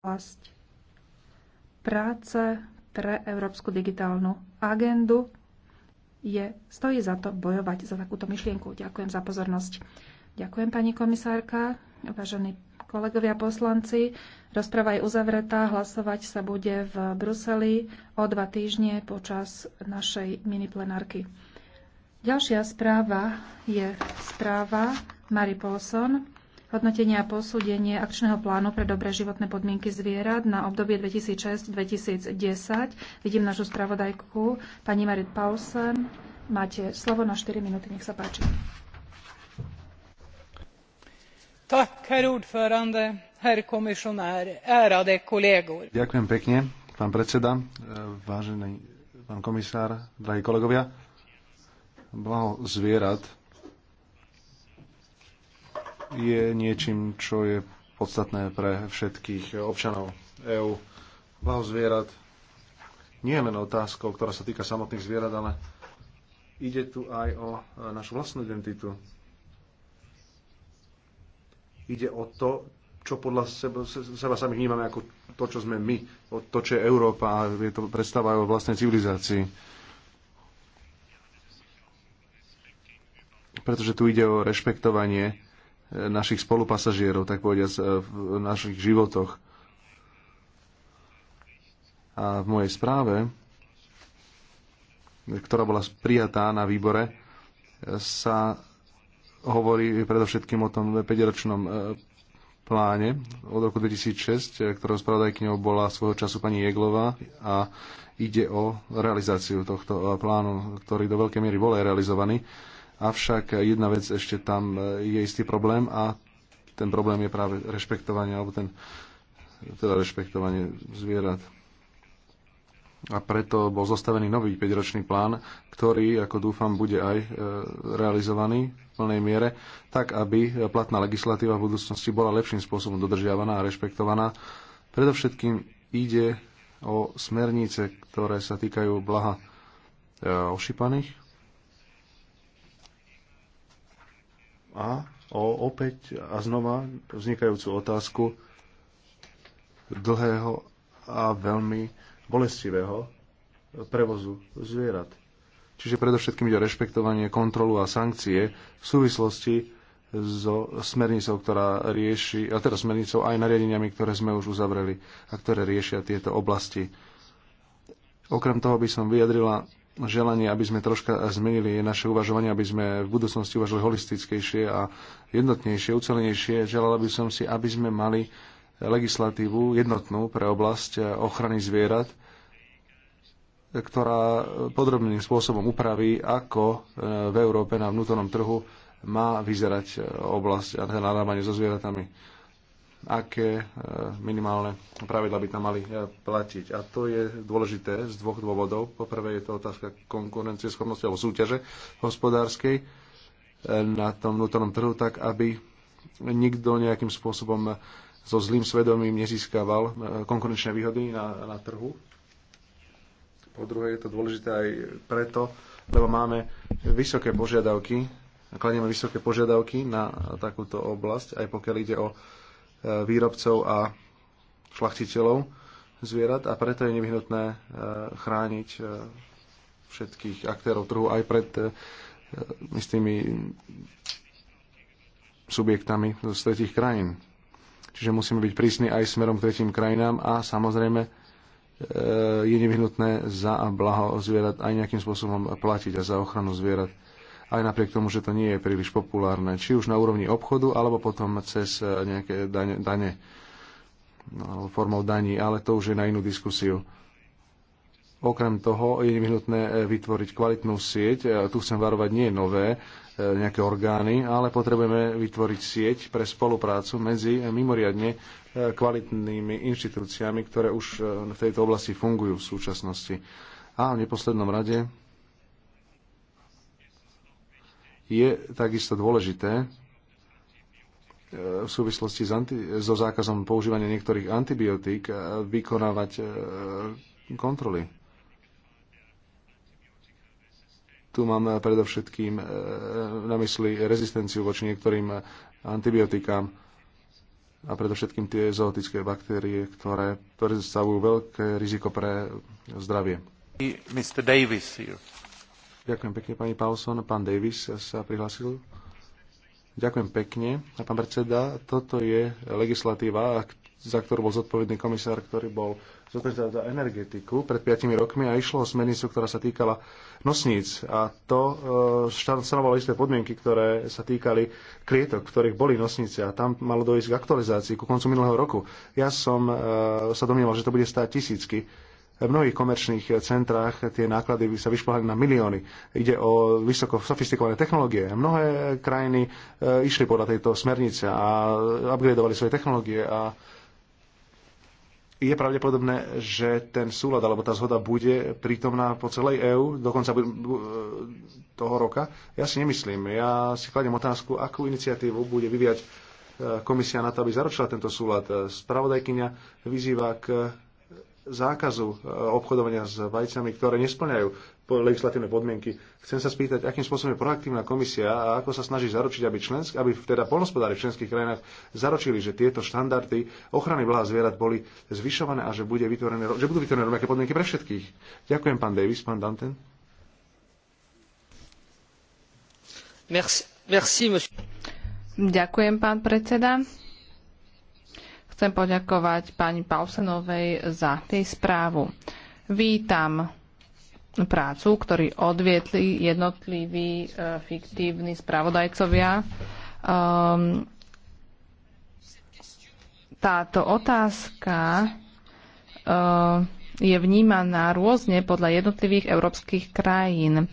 oblasť práce pre Európsku digitálnu agendu je, stojí za to bojovať za takúto myšlienku. Ďakujem za pozornosť. Ďakujem, pani komisárka, vážení kolegovia poslanci. rozpráva je uzavretá. Hlasovať sa bude v Bruseli o dva týždne počas našej plenárky. Ďalšia správa je správa Mary Paulson hodnotenie a posúdenie akčného plánu pre dobré životné podmienky zvierat na obdobie 2006-2010. Vidím našu spravodajku, pani Marit Paulsen. Máte slovo na 4 minúty, nech sa páči. Tak, herr ordförande, herr komisionär, ärade kollegor. Ďakujem pekne, pán predseda, vážený pán komisár, drahí kolegovia. Blaho zvierat je niečím, čo je podstatné pre všetkých občanov EÚ. Blaho zvierat nie je len otázkou, ktorá sa týka samotných zvierat, ale ide tu aj o e, našu vlastnú identitu. Ide o to, čo podľa seba, seba sami vnímame ako to, čo sme my, to, čo je Európa a je to predstava o vlastnej civilizácii. Pretože tu ide o rešpektovanie našich spolupasažierov, tak povediať, v našich životoch. A v mojej správe, ktorá bola prijatá na výbore, sa hovorí predovšetkým o tom 5-ročnom e, pláne od roku 2006, e, ktorého spravodajkňou bola svojho času pani Jeglova a ide o realizáciu tohto e, plánu, ktorý do veľkej miery bol aj realizovaný. Avšak jedna vec ešte tam e, je istý problém a ten problém je práve rešpektovanie alebo ten, teda rešpektovanie zvierat. A preto bol zostavený nový 5-ročný plán, ktorý, ako dúfam, bude aj e, realizovaný v plnej miere, tak aby platná legislatíva v budúcnosti bola lepším spôsobom dodržiavaná a rešpektovaná. Predovšetkým ide o smernice, ktoré sa týkajú blaha e, ošipaných a o opäť a znova vznikajúcu otázku dlhého a veľmi bolestivého prevozu zvierat. Čiže predovšetkým ide o rešpektovanie, kontrolu a sankcie v súvislosti so smernicou, ktorá rieši, a teda smernicou aj nariadeniami, ktoré sme už uzavreli a ktoré riešia tieto oblasti. Okrem toho by som vyjadrila želanie, aby sme troška zmenili naše uvažovanie, aby sme v budúcnosti uvažili holistickejšie a jednotnejšie, ucelenejšie. Želala by som si, aby sme mali legislatívu jednotnú pre oblasť ochrany zvierat, ktorá podrobným spôsobom upraví, ako eh, v Európe na vnútornom trhu má vyzerať eh, oblasť a teda narábanie so zvieratami aké e, minimálne pravidla by tam mali e, platiť. A to je dôležité z dvoch dôvodov. Poprvé je to otázka konkurencie schopnosti alebo súťaže hospodárskej e, na tom vnútornom trhu, tak aby nikto nejakým spôsobom so zlým svedomím nezískaval konkurenčné výhody na, na trhu. Po druhé je to dôležité aj preto, lebo máme vysoké požiadavky, kladieme vysoké požiadavky na takúto oblasť, aj pokiaľ ide o Eh, výrobcov a šlachtiteľov zvierat a preto je nevyhnutné eh, chrániť eh, všetkých aktérov trhu aj pred istými subjektami z tretich krajín. Čiže musíme byť prísni aj smerom k tretím krajinám a samozrejme je nevyhnutné za blaho zvierat aj nejakým spôsobom platiť a za ochranu zvierat aj napriek tomu, že to nie je príliš populárne, či už na úrovni obchodu, alebo potom cez e, nejaké dane, dane no, alebo formou daní, ale to už je na inú diskusiu. Okrem toho je nevyhnutné e, vytvoriť kvalitnú sieť. Tu chcem varovať nie nové e, nejaké orgány, ale potrebujeme vytvoriť sieť pre spoluprácu medzi mimoriadne kvalitnými inštitúciami, ktoré už v tejto oblasti fungujú v súčasnosti. A v neposlednom rade je takisto dôležité e, v súvislosti s anti- so zákazom používania niektorých antibiotík e, vykonávať e, kontroly. Tu mám predovšetkým na mysli rezistenciu voči niektorým antibiotikám a predovšetkým tie zootické baktérie, ktoré predstavujú veľké riziko pre zdravie. Mr. Davis here. Ďakujem pekne, pani Paulson. Pán Davis sa prihlasil. Ďakujem pekne. A pán predseda, toto je legislatíva, za ktorú bol zodpovedný komisár, ktorý bol zodpovedný za energetiku pred 5 rokmi a išlo o smernicu, ktorá sa týkala nosníc. A to e, stanovalo isté podmienky, ktoré sa týkali klietok, v ktorých boli nosnice. A tam malo dojsť k aktualizácii ku koncu minulého roku. Ja som e, sa domnieval, že to bude stáť tisícky v mnohých komerčných centrách tie náklady by sa vyšplhali na milióny. Ide o vysoko sofistikované technológie. Mnohé krajiny e, išli podľa tejto smernice a upgradeovali svoje technológie a je pravdepodobné, že ten súlad alebo tá zhoda bude prítomná po celej EÚ do konca toho roka? Ja si nemyslím. Ja si kladem otázku, akú iniciatívu bude vyviať e, komisia na to, aby zaručila tento súlad. Spravodajkyňa vyzýva k zákazu e, obchodovania s vajcami, ktoré nesplňajú legislatívne podmienky. Chcem sa spýtať, akým spôsobom je proaktívna komisia a ako sa snaží zaručiť, aby, člensk, aby teda polnospodári v členských krajinách zaručili, že tieto štandardy ochrany blaha zvierat boli zvyšované a že, bude vytvorené, že budú vytvorené rovnaké podmienky pre všetkých. Ďakujem, pán Davis, pán Danten. Merci, merci, Ďakujem, pán predseda. Chcem poďakovať pani Pausenovej za tej správu. Vítam prácu, ktorý odvietli jednotliví e, fiktívni spravodajcovia. Um, táto otázka e, je vnímaná rôzne podľa jednotlivých európskych krajín.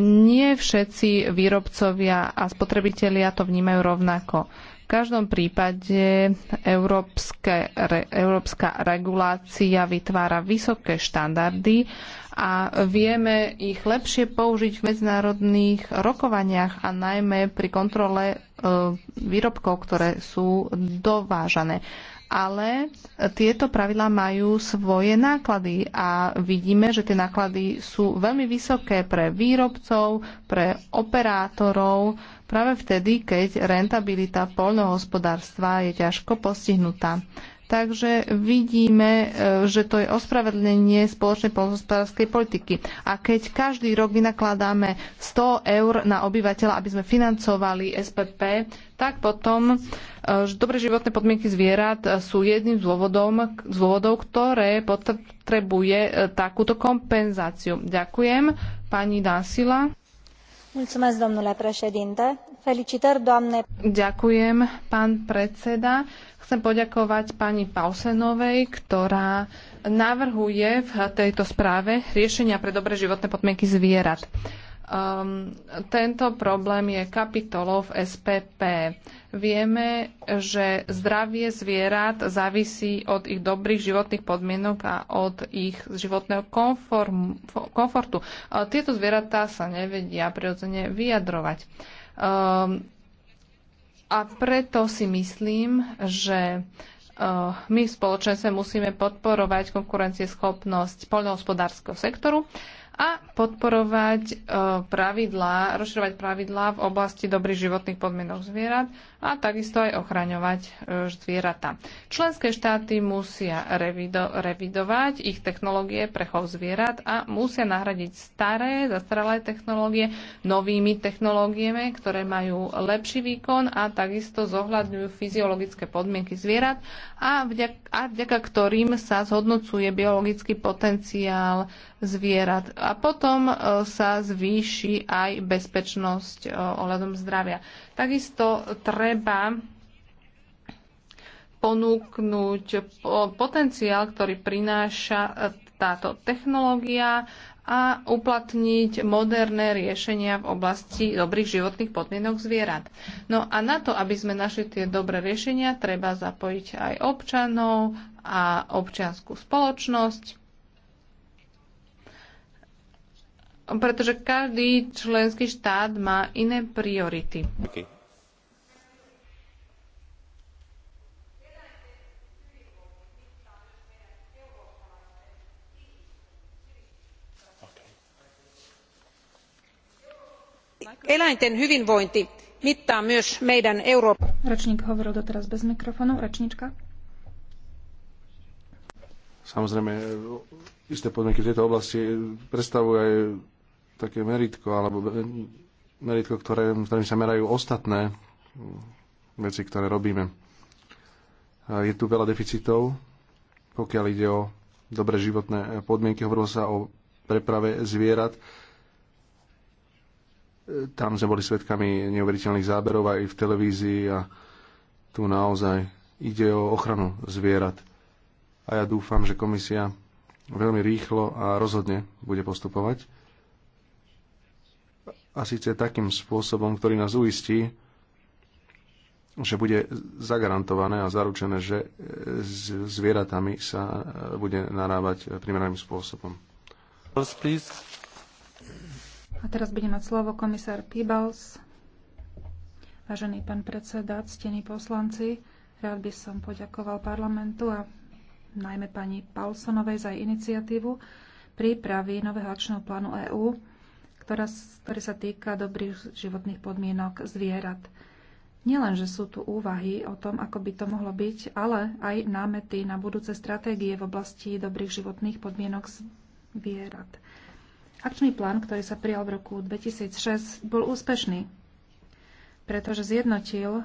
Nie všetci výrobcovia a spotrebitelia to vnímajú rovnako každom prípade európske, re, európska regulácia vytvára vysoké štandardy a vieme ich lepšie použiť v medzinárodných rokovaniach a najmä pri kontrole e, výrobkov, ktoré sú dovážané. Ale tieto pravidlá majú svoje náklady a vidíme, že tie náklady sú veľmi vysoké pre výrobcov, pre operátorov, práve vtedy, keď rentabilita poľnohospodárstva je ťažko postihnutá. Takže vidíme, e, že to je ospravedlenie spoločnej poľnohospodárskej politiky. A keď každý rok vynakladáme 100 eur na obyvateľa, aby sme financovali SPP, tak potom e, dobré životné podmienky zvierat sú jedným z dôvodov, z dôvodov ktoré potrebuje e, takúto kompenzáciu. Ďakujem. Pani Dásila. Ďakujem, pán predseda. Chcem poďakovať pani Pausenovej, ktorá navrhuje v tejto správe riešenia pre dobré životné podmienky zvierat. Um, tento problém je kapitolou v SPP. Vieme, že zdravie zvierat závisí od ich dobrých životných podmienok a od ich životného konform, komfortu. Uh, tieto zvieratá sa nevedia prirodzene vyjadrovať. Um, a preto si myslím, že uh, my v spoločenstve musíme podporovať konkurencieschopnosť poľnohospodárskeho sektoru a podporovať e, pravidlá, rozširovať pravidlá v oblasti dobrých životných podmienok zvierat a takisto aj ochraňovať e, zvieratá. Členské štáty musia revido, revidovať ich technológie pre chov zvierat a musia nahradiť staré, zastaralé technológie novými technológiami, ktoré majú lepší výkon a takisto zohľadňujú fyziologické podmienky zvierat a vďaka, a vďaka ktorým sa zhodnocuje biologický potenciál zvierat a potom e, sa zvýši aj bezpečnosť e, ohľadom zdravia. Takisto treba ponúknuť potenciál, ktorý prináša e, táto technológia a uplatniť moderné riešenia v oblasti dobrých životných podmienok zvierat. No a na to, aby sme našli tie dobré riešenia, treba zapojiť aj občanov a občianskú spoločnosť pretože každý členský štát má iné priority. Okay. eläinten hyvinvointi mittaa myös meidän euroopan Rečník hovoril doteraz bez mikrofonu. Rečníčka. samozrejme e, isté podmienky v tejto oblasti predstavujú aj také meritko, alebo meritko, ktoré, ktorým sa merajú ostatné veci, ktoré robíme. Je tu veľa deficitov, pokiaľ ide o dobré životné podmienky. Hovorilo sa o preprave zvierat. Tam sme boli svedkami neuveriteľných záberov aj v televízii a tu naozaj ide o ochranu zvierat. A ja dúfam, že komisia veľmi rýchlo a rozhodne bude postupovať a síce takým spôsobom, ktorý nás uistí, že bude zagarantované a zaručené, že e, s zvieratami sa e, bude narábať primeraným spôsobom. A teraz bude mať slovo komisár Pibals. Vážený pán predseda, ctení poslanci, rád by som poďakoval parlamentu a najmä pani Paulsonovej za jej iniciatívu prípravy nového akčného plánu EÚ ktorá, ktorý sa týka dobrých životných podmienok zvierat. Nielen, že sú tu úvahy o tom, ako by to mohlo byť, ale aj námety na budúce stratégie v oblasti dobrých životných podmienok zvierat. Akčný plán, ktorý sa prijal v roku 2006, bol úspešný, pretože zjednotil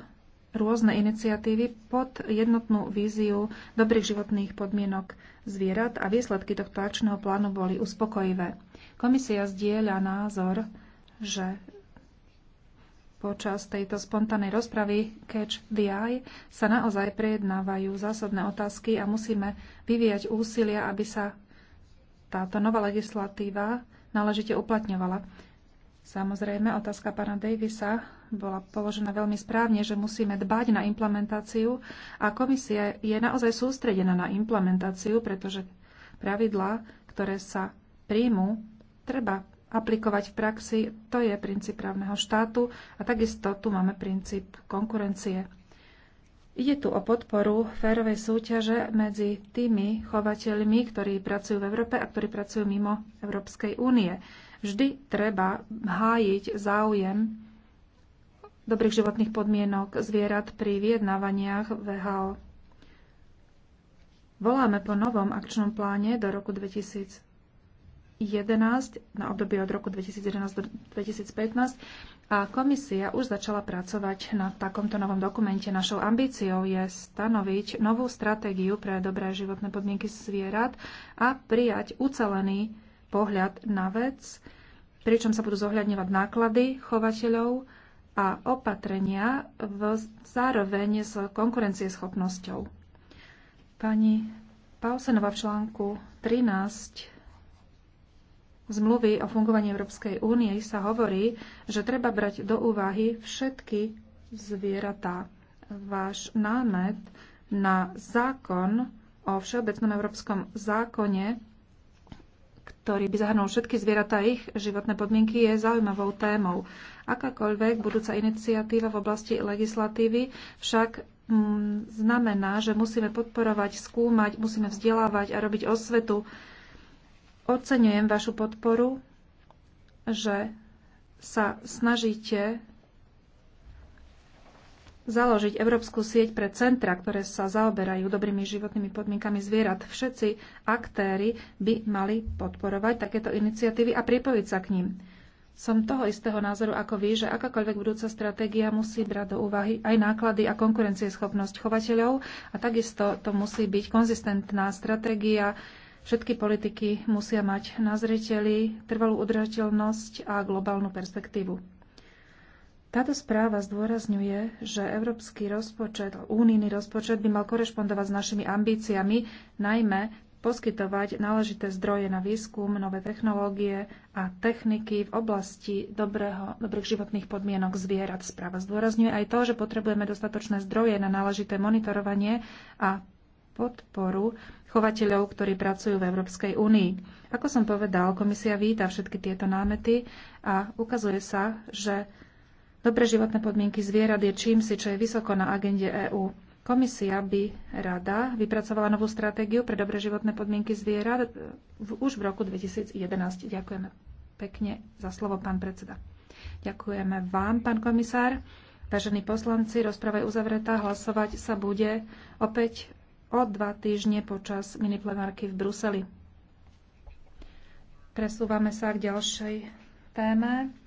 rôzne iniciatívy pod jednotnú víziu dobrých životných podmienok zvierat a výsledky tohto akčného plánu boli uspokojivé. Komisia zdieľa názor, že počas tejto spontánnej rozpravy Catch the Eye sa naozaj prejednávajú zásadné otázky a musíme vyvíjať úsilia, aby sa táto nová legislatíva náležite uplatňovala. Samozrejme, otázka pána Davisa bola položená veľmi správne, že musíme dbať na implementáciu a komisia je naozaj sústredená na implementáciu, pretože pravidlá, ktoré sa príjmu, treba aplikovať v praxi. To je princíp právneho štátu a takisto tu máme princíp konkurencie. Ide tu o podporu férovej súťaže medzi tými chovateľmi, ktorí pracujú v Európe a ktorí pracujú mimo Európskej únie. Vždy treba hájiť záujem dobrých životných podmienok zvierat pri vyjednávaniach VHO. Voláme po novom akčnom pláne do roku 2011, na obdobie od roku 2011 do 2015, a komisia už začala pracovať na takomto novom dokumente. Našou ambíciou je stanoviť novú stratégiu pre dobré životné podmienky zvierat a prijať ucelený pohľad na vec, pričom sa budú zohľadňovať náklady chovateľov a opatrenia v zároveň s konkurencieschopnosťou. Pani Pausenová v článku 13 zmluvy o fungovaní Európskej únie sa hovorí, že treba brať do úvahy všetky zvieratá. Váš námet na zákon o Všeobecnom európskom zákone, ktorý by zahrnul všetky zvieratá a ich životné podmienky, je zaujímavou témou. Akákoľvek budúca iniciatíva v oblasti legislatívy však mm, znamená, že musíme podporovať, skúmať, musíme vzdelávať a robiť osvetu Oceňujem vašu podporu, že sa snažíte založiť Európsku sieť pre centra, ktoré sa zaoberajú dobrými životnými podmienkami zvierat. Všetci aktéry by mali podporovať takéto iniciatívy a pripojiť sa k ním. Som toho istého názoru ako vy, že akákoľvek budúca stratégia musí brať do úvahy aj náklady a konkurencieschopnosť chovateľov a takisto to musí byť konzistentná stratégia Všetky politiky musia mať na zreteli trvalú udržateľnosť a globálnu perspektívu. Táto správa zdôrazňuje, že európsky rozpočet, únijný rozpočet by mal korešpondovať s našimi ambíciami, najmä poskytovať náležité zdroje na výskum, nové technológie a techniky v oblasti dobrého, dobrých životných podmienok zvierat. Správa zdôrazňuje aj to, že potrebujeme dostatočné zdroje na náležité monitorovanie a podporu chovateľov, ktorí pracujú v Európskej únii. Ako som povedal, komisia víta všetky tieto námety a ukazuje sa, že dobre životné podmienky zvierat je čímsi, čo je vysoko na agende EÚ. Komisia by rada vypracovala novú stratégiu pre dobre životné podmienky zvierat už v roku 2011. Ďakujeme pekne za slovo, pán predseda. Ďakujeme vám, pán komisár. Vážení poslanci, rozpráva je uzavretá. Hlasovať sa bude opäť o dva týždne počas miniplenárky v Bruseli. Presúvame sa k ďalšej téme.